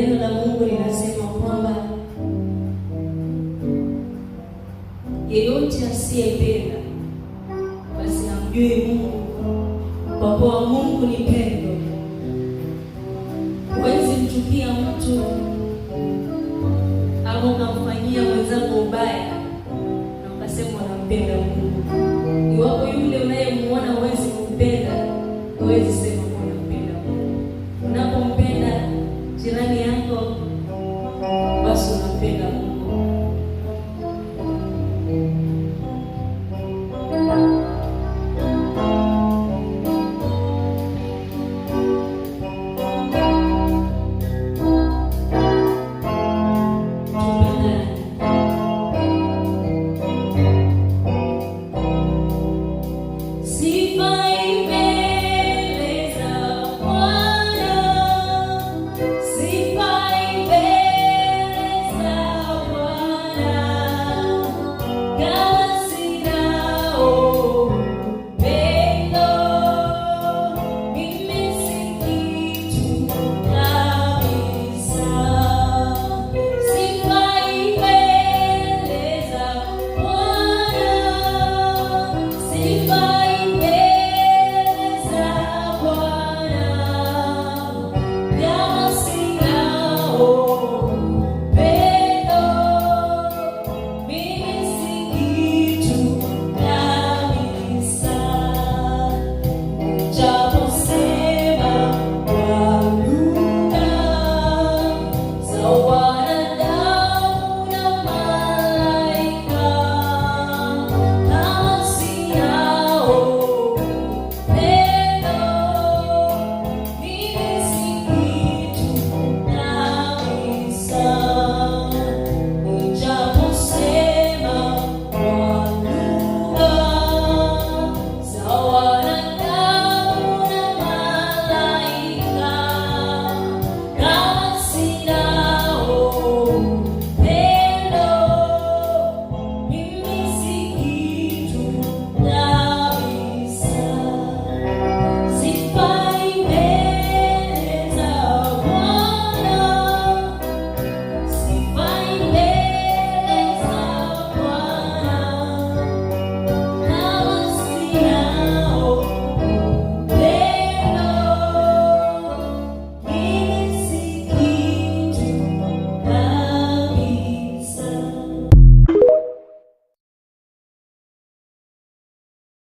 neno la Mungu linasema kwamba yeyote asiyependa basi hamjui Mungu, kwa kuwa Mungu ni pendo. Huwezi mchukia mtu ama ukamfanyia mwenzako ubaya na ukasema unampenda Mungu, iwapo yule unayemuona huwezi kumpenda, huwezi See my